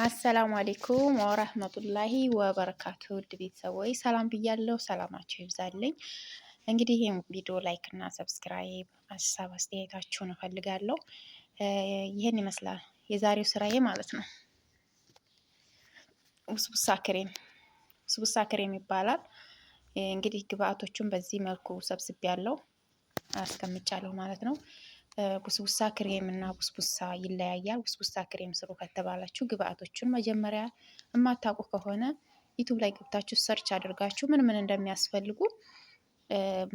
አሰላሙ አሌይኩም ወረህመቱላሂ ወበረካቱ። ውድ ቤተሰቦች ሰላም ብያለሁ። ሰላማችሁ ይብዛልኝ። እንግዲህ ይህም ቪዲዮ ላይክ እና ሰብስክራይብ፣ ሀሳብ አስተያየታችሁን እፈልጋለሁ። ይህን ይመስላል የዛሬው ስራዬ ማለት ነው። ውስቡሳ ክሬም ውስቡሳ ክሬም ይባላል። እንግዲህ ግብአቶቹን በዚህ መልኩ ሰብስቤ አስቀምጫለሁ ማለት ነው። ቡስቡሳ ክሬም እና ቡስቡሳ ይለያያል። ቡስቡሳ ክሬም ስሩ ከተባላችሁ ግብአቶቹን መጀመሪያ የማታውቁ ከሆነ ዩቱብ ላይ ገብታችሁ ሰርች አድርጋችሁ ምን ምን እንደሚያስፈልጉ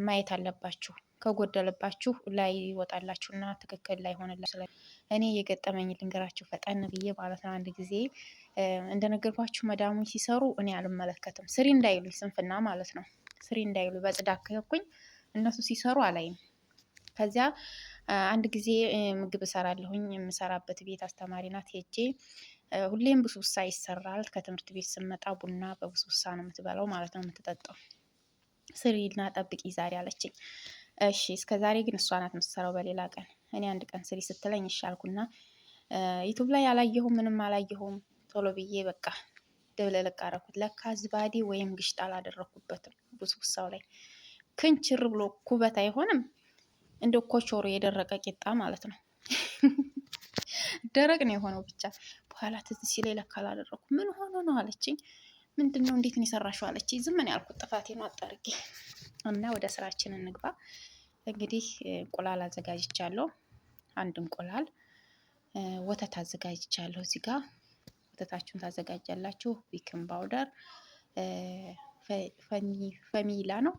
ማየት አለባችሁ። ከጎደለባችሁ ላይ ይወጣላችሁና ትክክል ላይ ሆነላችሁ። እኔ የገጠመኝ ልንገራችሁ ፈጠን ብዬ ማለት ነው። አንድ ጊዜ እንደነገርኳችሁ መዳሙ ሲሰሩ እኔ አልመለከትም፣ ስሪ እንዳይሉኝ ስንፍና ማለት ነው። ስሪ እንዳይሉ በጽዳት ከኩኝ እነሱ ሲሰሩ አላይም ከዚያ አንድ ጊዜ ምግብ እሰራለሁኝ። የምሰራበት ቤት አስተማሪ ናት። ሄጄ ሁሌም ብሱሳ ይሰራል። ከትምህርት ቤት ስመጣ ቡና በብሱሳ ነው የምትበላው ማለት ነው የምትጠጣው። ስሪና ጠብቂ ዛሬ አለችኝ። እሺ እስከ ዛሬ ግን እሷ ናት የምትሰራው። በሌላ ቀን እኔ አንድ ቀን ስሪ ስትለኝ ይሻልኩና ዩቱብ ላይ አላየሁም፣ ምንም አላየሁም። ቶሎ ብዬ በቃ ደብለለቅ አደረኩት። ለካ ዝባዴ ወይም ግሽጣ አላደረኩበትም ብሱሳው ላይ ክንችር ብሎ ኩበት አይሆንም። እንደ ኮቾሮ የደረቀ ቂጣ ማለት ነው። ደረቅ ነው የሆነው። ብቻ በኋላ ትዝ ሲለኝ ለካ አላደረኩ ምን ሆኖ ነው አለችኝ። ምንድን ነው እንዴት ነው የሰራሽው አለችኝ። ዝም ነው ያልኩት ጥፋቴን አጣርጌ እና ወደ ስራችን እንግባ። እንግዲህ እንቁላል አዘጋጅቻለሁ። አንድ እንቁላል ወተት አዘጋጅቻለሁ። እዚህ ጋር ወተታችሁን ታዘጋጃላችሁ። ቢክን ባውደር ፈሚላ ነው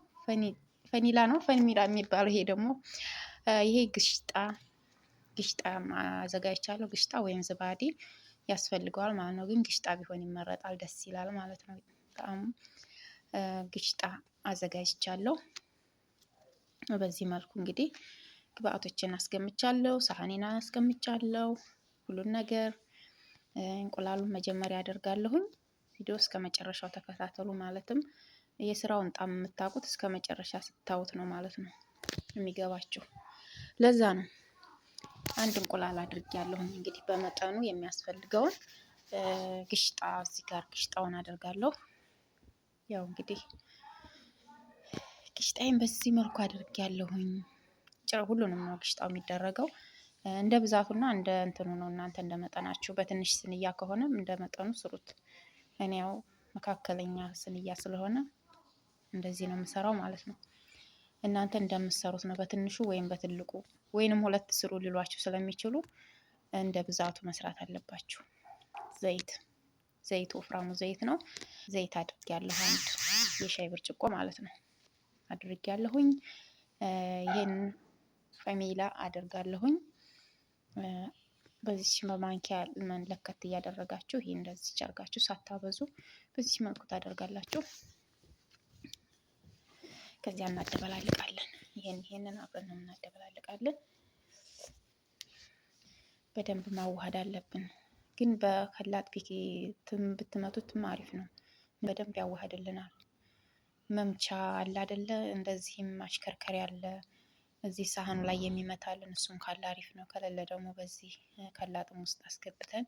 ፈኒላ ነው ፈኒላ የሚባለው ይሄ ደግሞ ይሄ ግሽጣ ግሽጣ አዘጋጅቻለሁ። ግሽጣ ወይም ዝባዴ ያስፈልገዋል ማለት ነው። ግን ግሽጣ ቢሆን ይመረጣል፣ ደስ ይላል ማለት ነው። በጣም ግሽጣ አዘጋጅቻለሁ። በዚህ መልኩ እንግዲህ ግብአቶችን አስገምቻለሁ፣ ሳህኔን አስገምቻለሁ፣ ሁሉን ነገር እንቁላሉን መጀመሪያ አደርጋለሁኝ። ቪዲዮ እስከ መጨረሻው ተከታተሉ ማለትም የስራውን ጣም የምታውቁት እስከ መጨረሻ ስታዩት ነው ማለት ነው የሚገባችሁ። ለዛ ነው አንድ እንቁላል አድርግ ያለሁኝ እንግዲህ በመጠኑ የሚያስፈልገውን ግሽጣ እዚህ ጋር ግሽጣውን አደርጋለሁ። ያው እንግዲህ ግሽጣይን በዚህ መልኩ አድርግ ያለሁኝ ሁሉንም ነው ግሽጣው የሚደረገው እንደ ብዛቱና እንደ እንትኑ ነው። እናንተ እንደ መጠናችሁ በትንሽ ስንያ ከሆነም እንደ መጠኑ ስሩት። እኔ ያው መካከለኛ ስንያ ስለሆነ እንደዚህ ነው የምሰራው ማለት ነው። እናንተ እንደምትሰሩት ነው በትንሹ ወይም በትልቁ ወይንም ሁለት ስሩ ሊሏችሁ ስለሚችሉ እንደ ብዛቱ መስራት አለባችሁ። ዘይት ዘይት ወፍራሙ ዘይት ነው። ዘይት አድርጌያለሁ አንድ የሻይ ብርጭቆ ማለት ነው አድርጌያለሁኝ። ይህን ፈሚላ አድርጋለሁኝ በዚች በማንኪያ መለከት እያደረጋችሁ ይህ እንደዚህ ጨርጋችሁ ሳታበዙ በዚች መልኩ ታደርጋላችሁ። ከዚያ እናደበላልቃለን። ይህን ይሄንን አብረን እናደበላልቃለን። በደንብ ማዋሃድ አለብን። ግን በከላጥ ፒኬ ብትመቱትም አሪፍ ነው። በደንብ ያዋህድልናል። መምቻ አለ አደለ? እንደዚህም አሽከርካሪ አለ እዚህ ሳህኑ ላይ የሚመታልን እሱን ካለ አሪፍ ነው። ከሌለ ደግሞ በዚህ ከላጥም ውስጥ አስገብተን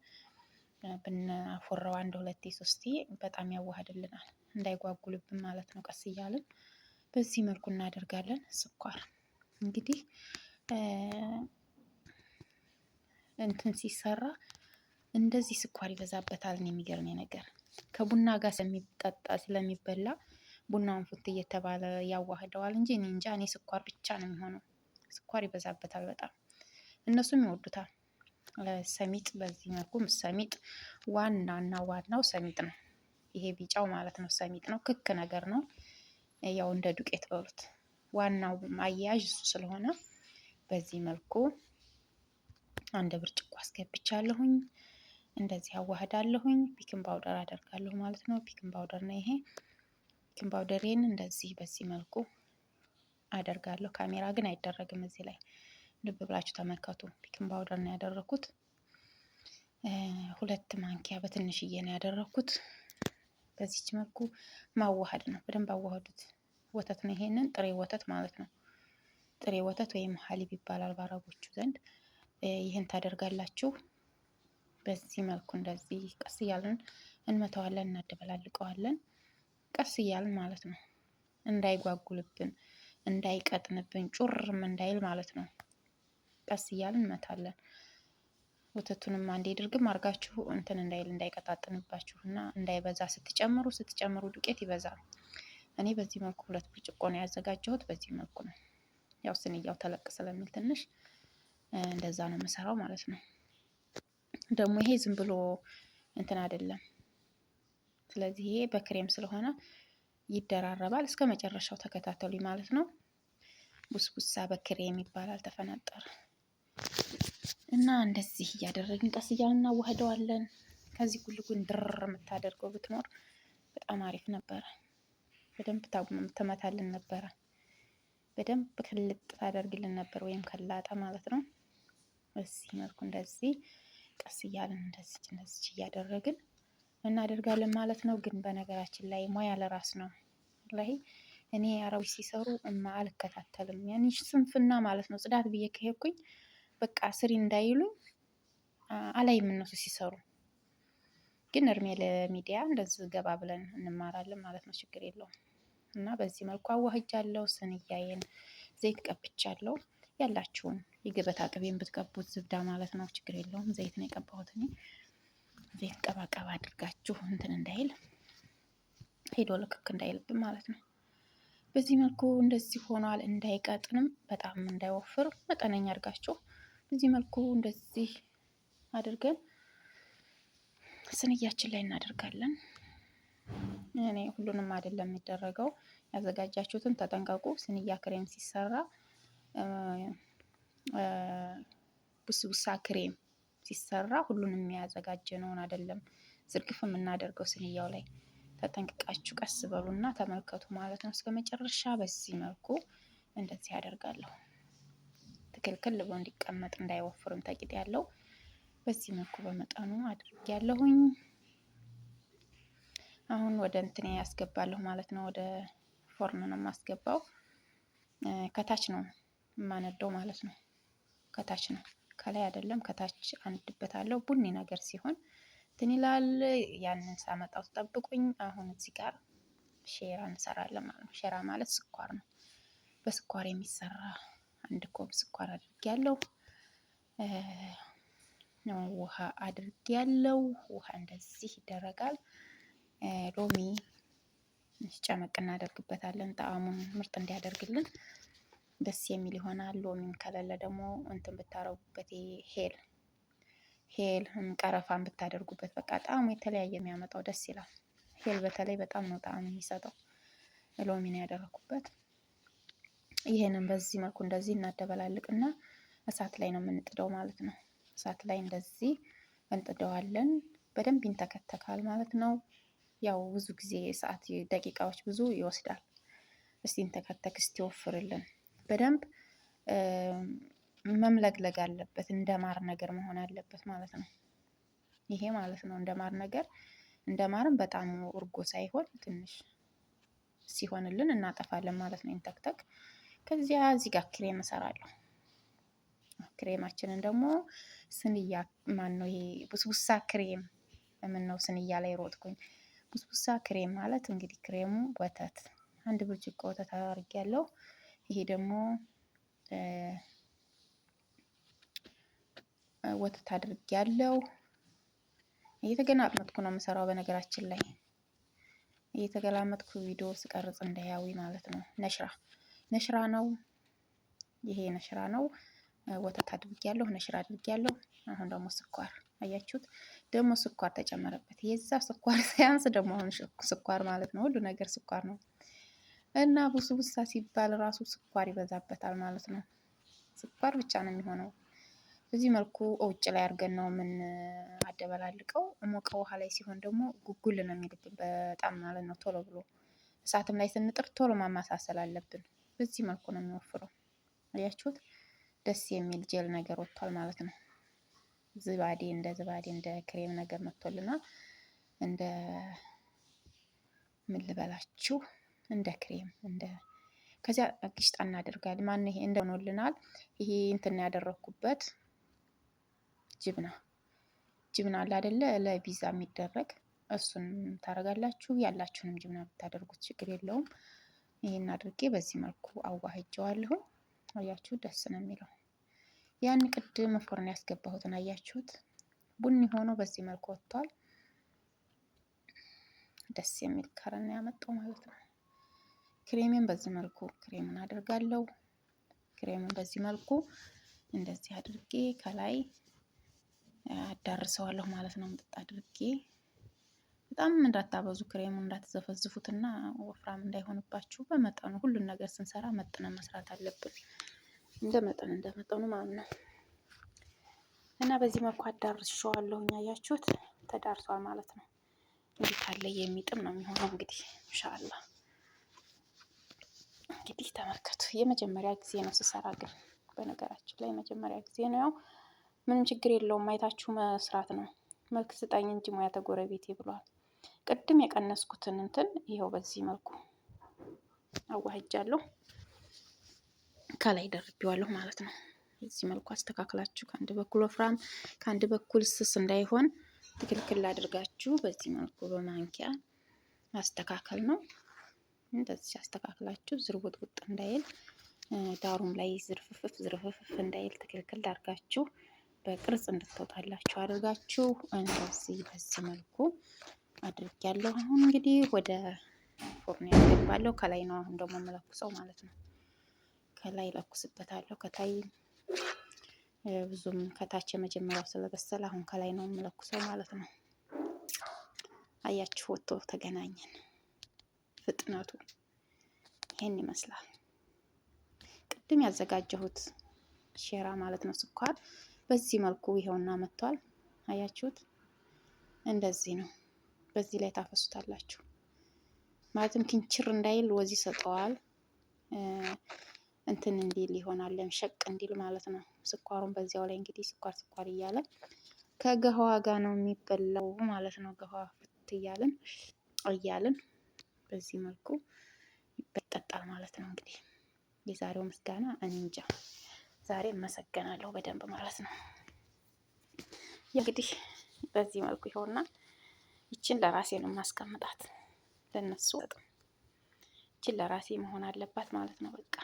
ብናፎረው አንድ ሁለቴ ሶስቴ በጣም ያዋህድልናል። እንዳይጓጉልብን ማለት ነው ቀስ እያልን በዚህ መልኩ እናደርጋለን። ስኳር እንግዲህ እንትን ሲሰራ እንደዚህ ስኳር ይበዛበታል። የሚገርመኝ ነገር ከቡና ጋር ስለሚጠጣ ስለሚበላ ቡናውን ፉት እየተባለ ያዋህደዋል እንጂ እኔ እንጃ። እኔ ስኳር ብቻ ነው የሚሆነው። ስኳር ይበዛበታል በጣም እነሱም ይወዱታል። ሰሚጥ በዚህ መልኩ ሰሚጥ ዋና እና ዋናው ሰሚጥ ነው። ይሄ ቢጫው ማለት ነው ሰሚጥ ነው። ክክ ነገር ነው። ያው እንደ ዱቄት በሉት። ዋናው አያያዥ እሱ ስለሆነ በዚህ መልኩ አንድ ብርጭቆ አስገብቻለሁኝ። እንደዚህ አዋህዳለሁኝ። ፒክን ፓውደር አደርጋለሁ ማለት ነው። ቢክን ፓውደር ነው ይሄ። ቢክን ፓውደሬን እንደዚህ በዚህ መልኩ አደርጋለሁ። ካሜራ ግን አይደረግም እዚህ ላይ ልብ ብላችሁ ተመልከቱ። ፒክን ፓውደር ነው ያደረኩት። ሁለት ማንኪያ በትንሽዬ ነው ያደረኩት። በዚች መልኩ ማዋሃድ ነው። በደንብ አዋህዱት። ወተት ነው ይሄንን ጥሬ ወተት ማለት ነው። ጥሬ ወተት ወይም ሀሊብ ይባላል በአረቦቹ ዘንድ። ይህን ታደርጋላችሁ። በዚህ መልኩ እንደዚህ ቀስ እያልን እንመተዋለን፣ እናደበላልቀዋለን። ቀስ እያልን ማለት ነው እንዳይጓጉልብን፣ እንዳይቀጥንብን፣ ጩርም እንዳይል ማለት ነው። ቀስ እያልን እንመታለን። ወተቱንም አንዴ ድርግም አድርጋችሁ እንትን እንዳይል እንዳይቀጣጥንባችሁ እና እንዳይበዛ ስትጨምሩ ስትጨምሩ ዱቄት ይበዛል። እኔ በዚህ መልኩ ሁለት ብርጭቆ ነው ያዘጋጀሁት። በዚህ መልኩ ነው ያው ስንያው ተለቅ ስለሚል ትንሽ እንደዛ ነው የምሰራው ማለት ነው። ደግሞ ይሄ ዝም ብሎ እንትን አይደለም። ስለዚህ ይሄ በክሬም ስለሆነ ይደራረባል። እስከ መጨረሻው ተከታተሉኝ ማለት ነው። ቡስቡሳ በክሬም ይባላል። ተፈናጠረ እና እንደዚህ እያደረግን ቀስ እያልን እናዋህደዋለን። ከዚህ ጉልጉን ድር የምታደርገው ብትኖር በጣም አሪፍ ነበረ። በደንብ ትመታልን ነበረ። በደንብ ክልጥ ታደርግልን ነበር፣ ወይም ከላጠ ማለት ነው። በዚህ መልኩ እንደዚህ ቀስ እያልን እንደዚች እንደዚች እያደረግን እናደርጋለን ማለት ነው። ግን በነገራችን ላይ ሙያ ለራስ ነው ላይ እኔ አረቦች ሲሰሩ እማ አልከታተልም። ያኔ ስንፍና ማለት ነው። ጽዳት ብዬ ከሄድኩኝ በቃ ስሪ እንዳይሉኝ አላይም እነሱ ሲሰሩ ግን እድሜ ለሚዲያ እንደዚህ ገባ ብለን እንማራለን ማለት ነው። ችግር የለውም እና በዚህ መልኩ አዋህጃለሁ። እያየን ዘይት ቀብቻለሁ። ያላችሁን የገበታ ቅቤን ብትቀቡት ዝብዳ ማለት ነው። ችግር የለውም። ዘይት ነው የቀባሁት እኔ። ዘይት ቀባቀባ አድርጋችሁ እንትን እንዳይል ሄዶ ልክክ እንዳይልብን ማለት ነው። በዚህ መልኩ እንደዚህ ሆኗል። እንዳይቀጥንም በጣም እንዳይወፍር መጠነኛ አድርጋችሁ በዚህ መልኩ እንደዚህ አድርገን ስንያችን ላይ እናደርጋለን። እኔ ሁሉንም አይደለም የሚደረገው፣ ያዘጋጃችሁትን ተጠንቀቁ። ስንያ ክሬም ሲሰራ ቡስቡሳ ክሬም ሲሰራ ሁሉንም የሚያዘጋጀ ነውን አይደለም ዝርግፍ የምናደርገው ስንያው ላይ ተጠንቅቃችሁ ቀስ በሉና ተመልከቱ ማለት ነው እስከ መጨረሻ። በዚህ መልኩ እንደዚህ ያደርጋለሁ። ክልክል ብሎ እንዲቀመጥ እንዳይወፍርም ተቂጥ ያለው በዚህ መልኩ በመጠኑ አድርግ ያለሁኝ። አሁን ወደ እንትን ያስገባለሁ ማለት ነው። ወደ ፎርን ነው የማስገባው። ከታች ነው የማነደው ማለት ነው። ከታች ነው፣ ከላይ አይደለም። ከታች አንድበታለሁ። ቡኒ ነገር ሲሆን እንትን ይላል። ያንን ሳመጣው ትጠብቁኝ አሁን እዚህ ጋር ሼራ እንሰራለን ማለት ነው። ሼራ ማለት ስኳር ነው። በስኳር የሚሰራ አንድ ኮብ ስኳር አድርጌ ያለው ውሃ አድርጌ ያለው ውሃ እንደዚህ ይደረጋል። ሎሚ ጨመቅ እናደርግበታለን ጣዕሙን ምርጥ እንዲያደርግልን ደስ የሚል ይሆናል። ሎሚን ከሌለ ደግሞ እንትን ብታረጉበት ሄል ሄል ቀረፋን ብታደርጉበት በቃ ጣዕሙ የተለያየ የሚያመጣው ደስ ይላል። ሄል በተለይ በጣም ነው ጣዕም የሚሰጠው ሎሚን ያደረኩበት ይሄንን በዚህ መልኩ እንደዚህ እናደበላልቅና እሳት ላይ ነው የምንጥደው ማለት ነው። እሳት ላይ እንደዚህ እንጥደዋለን። በደንብ ይንተከተካል ማለት ነው። ያው ብዙ ጊዜ ሰዓት ደቂቃዎች ብዙ ይወስዳል። እስቲ እንተከተክ እስቲ ወፍርልን። በደንብ መምለግለግ አለበት። እንደ ማር ነገር መሆን አለበት ማለት ነው። ይሄ ማለት ነው እንደ ማር ነገር እንደ ማርም በጣም እርጎ ሳይሆን ትንሽ ሲሆንልን እናጠፋለን ማለት ነው። ይንተክተክ ከዚያ እዚህ ጋር ክሬም እሰራለሁ። ክሬማችንን ደግሞ ስንያ ማን ነው ይሄ ቡስቡሳ ክሬም ምን ነው ስንያ ላይ ሮጥኩኝ። ቡስቡሳ ክሬም ማለት እንግዲህ ክሬሙ ወተት አንድ ብርጭቆ ወተት ያለው ይሄ ደግሞ ወተት አድርጌያለሁ። እየተገላመጥኩ ነው የምሰራው። በነገራችን ላይ እየተገላመጥኩ ቪዲዮ ስቀርጽ እንዳያዊ ማለት ነው ነሽራ ነሽራ ነው። ይሄ ነሽራ ነው። ወተት አድርግ ያለው ነሽራ አድርግ ያለው አሁን ደግሞ ስኳር አያችሁት፣ ደግሞ ስኳር ተጨመረበት። የዛ ስኳር ሳያንስ ደግሞ አሁን ስኳር ማለት ነው። ሁሉ ነገር ስኳር ነው እና ቡስቡሳ ሲባል ራሱ ስኳር ይበዛበታል ማለት ነው። ስኳር ብቻ ነው የሚሆነው። በዚህ መልኩ ውጭ ላይ አድርገን ነው ምን አደበላልቀው። ሞቀ ውሃ ላይ ሲሆን ደግሞ ጉጉል ነው የሚልብን በጣም ማለት ነው። ቶሎ ብሎ እሳትም ላይ ስንጥር ቶሎ ማማሳሰል አለብን። በዚህ መልኩ ነው የሚወፍረው። አያችሁት? ደስ የሚል ጀል ነገር ወጥቷል ማለት ነው። ዝባዴ እንደ ዝባዴ እንደ ክሬም ነገር መጥቶልናል። እንደ ምን ልበላችሁ፣ እንደ ክሬም እንደ ከዚያ አግሽጣ እናደርጋለን። ማን ይሄ እንደሆነልናል። ይሄ እንትን ያደረኩበት ጅብና ጅብና አለ አይደለ? ለቪዛ የሚደረግ እሱን ታደርጋላችሁ። ያላችሁንም ጅብና ብታደርጉት ችግር የለውም። ይህን አድርጌ በዚህ መልኩ አዋህጀዋለሁ። አያችሁ ደስ ነው የሚለው። ያን ቅድም ፎርን ያስገባሁትን አያችሁት? ቡኒ ሆኖ በዚህ መልኩ ወጥቷል። ደስ የሚል ከረን ያመጣው ማለት ነው። ክሬምን በዚህ መልኩ ክሬምን አድርጋለሁ። ክሬምን በዚህ መልኩ እንደዚህ አድርጌ ከላይ አዳርሰዋለሁ ማለት ነው። ምጥጥ አድርጌ በጣም እንዳታበዙ እንዳትዘፈዝፉት እና ወፍራም እንዳይሆንባችሁ በመጠኑ ሁሉን ነገር ስንሰራ መጥነን መስራት አለብን። እንደ መጠን እንደ መጠኑ ማለት ነው። እና በዚህ መልኩ አዳርሸዋለሁ። ያያችሁት ተዳርሷል ማለት ነው። እንዲህ የሚጥም ነው የሚሆነው። እንግዲህ እንሻላ እንግዲህ ተመልከቱ። የመጀመሪያ ጊዜ ነው ስሰራ፣ ግን በነገራችን ላይ መጀመሪያ ጊዜ ነው። ያው ምንም ችግር የለውም። አይታችሁ መስራት ነው። መልክ ስጠኝ እንጂ ሙያ ተጎረቤቴ ብሏል። ቅድም የቀነስኩትን እንትን ይኸው በዚህ መልኩ አዋህጃለሁ። ከላይ ደርቤዋለሁ ማለት ነው። በዚህ መልኩ አስተካክላችሁ ከአንድ በኩል ወፍራም ከአንድ በኩል ስስ እንዳይሆን ትክልክል አድርጋችሁ በዚህ መልኩ በማንኪያ ማስተካከል ነው። እንደዚህ አስተካክላችሁ ዝርውጥ ውጥ እንዳይል ዳሩም ላይ ዝርፍፍፍ ዝርፍፍፍ እንዳይል ትክልክል አድርጋችሁ በቅርጽ እንድትወጣላችሁ አድርጋችሁ እንደዚህ በዚህ መልኩ አድርጊያለሁ። አሁን እንግዲህ ወደ ፎርኖ ያስገባለሁ። ከላይ ነው አሁን ደግሞ የምለኩሰው ማለት ነው። ከላይ ለኩስበታለሁ። ከታይ ብዙም ከታች የመጀመሪያው ስለበሰለ አሁን ከላይ ነው የምለኩሰው ማለት ነው። አያችሁ ወጥቶ ተገናኘን። ፍጥነቱ ይሄን ይመስላል። ቅድም ያዘጋጀሁት ሼራ ማለት ነው ስኳር በዚህ መልኩ ይኸውና መጥቷል። አያችሁት? እንደዚህ ነው። በዚህ ላይ ታፈሱታላችሁ። ማለትም ክንችር እንዳይል ወዚ ሰጠዋል። እንትን እንዲል ይሆናለን ሸቅ እንዲል ማለት ነው። ስኳሩን በዚያው ላይ እንግዲህ ስኳር ስኳር እያለ ከገሃዋ ጋር ነው የሚበላው ማለት ነው። ገሃዋ ፍት እያለን እያለን በዚህ መልኩ ይጠጣል ማለት ነው። እንግዲህ የዛሬው ምስጋና እንጃ ዛሬ እመሰገናለሁ በደንብ ማለት ነው። እንግዲህ በዚህ መልኩ ይሆናል። ይችን ለራሴ ነው ማስቀምጣት ለነሱ ይችን ለራሴ መሆን አለባት ማለት ነው በቃ